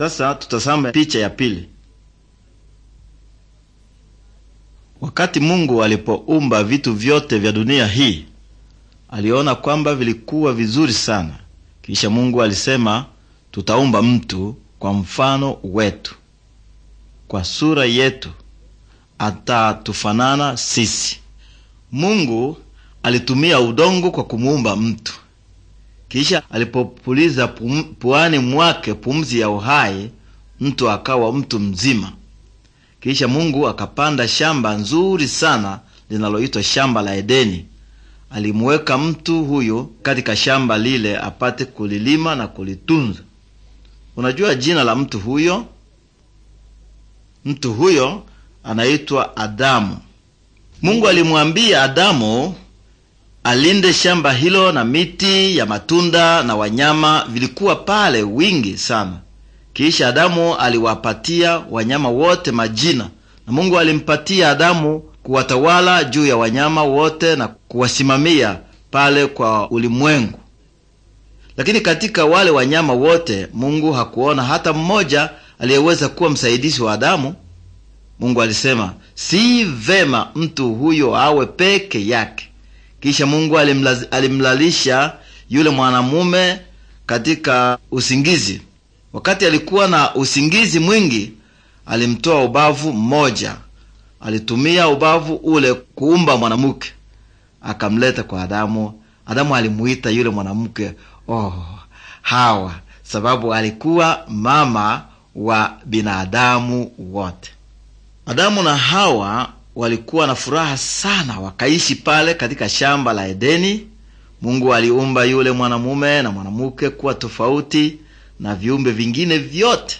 Sasa tutazame picha ya pili. Wakati Mungu alipoumba vitu vyote vya dunia hii, aliona kwamba vilikuwa vizuri sana. Kisha Mungu alisema, tutaumba mtu kwa mfano wetu, kwa sura yetu, atatufanana sisi. Mungu alitumia udongo kwa kumuumba mtu. Kisha alipopuliza pum, puani mwake pumzi ya uhai, mtu akawa mtu mzima. Kisha Mungu akapanda shamba nzuri sana linaloitwa shamba la Edeni. alimuweka mtu huyo katika shamba lile apate kulilima na kulitunza. Unajua jina la mtu huyo? Mtu huyo anaitwa Adamu. Mungu alimwambia Adamu alinde shamba hilo na miti ya matunda na wanyama vilikuwa pale wingi sana. Kisha Adamu aliwapatia wanyama wote majina, na Mungu alimpatia Adamu kuwatawala juu ya wanyama wote na kuwasimamia pale kwa ulimwengu. Lakini katika wale wanyama wote Mungu hakuona hata mmoja aliyeweza kuwa msaidizi wa Adamu. Mungu alisema si vema mtu huyo awe peke yake, kisha Mungu alimlalisha yule mwanamume katika usingizi. Wakati alikuwa na usingizi mwingi, alimtoa ubavu mmoja. Alitumia ubavu ule kuumba mwanamke, akamleta kwa Adamu. Adamu alimuita yule mwanamke oh, Hawa, sababu alikuwa mama wa binadamu wote. Adamu na Hawa walikuwa na furaha sana, wakaishi pale katika shamba la Edeni. Mungu aliumba yule mwanamume na mwanamke kuwa tofauti na viumbe vingine vyote.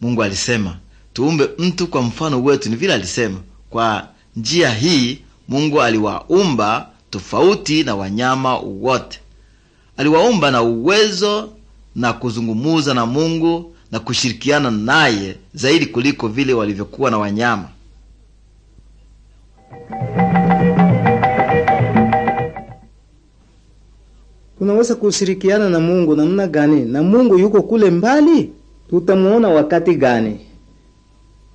Mungu alisema tuumbe mtu kwa mfano wetu, ni vile alisema. Kwa njia hii Mungu aliwaumba tofauti na wanyama wote. Aliwaumba na uwezo na kuzungumuza na Mungu na kushirikiana naye zaidi kuliko vile walivyokuwa na wanyama. unaweza kushirikiana na Mungu namna gani? Na Mungu yuko kule mbali, tutamuona wakati gani?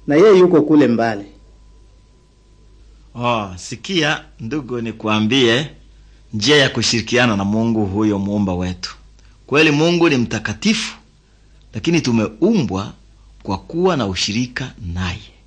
Na yeye yuko kule mbali. Oh, sikia ndugu, nikwambie njia ya kushirikiana na Mungu huyo muumba wetu. Kweli Mungu ni mtakatifu, lakini tumeumbwa kwa kuwa na ushirika naye.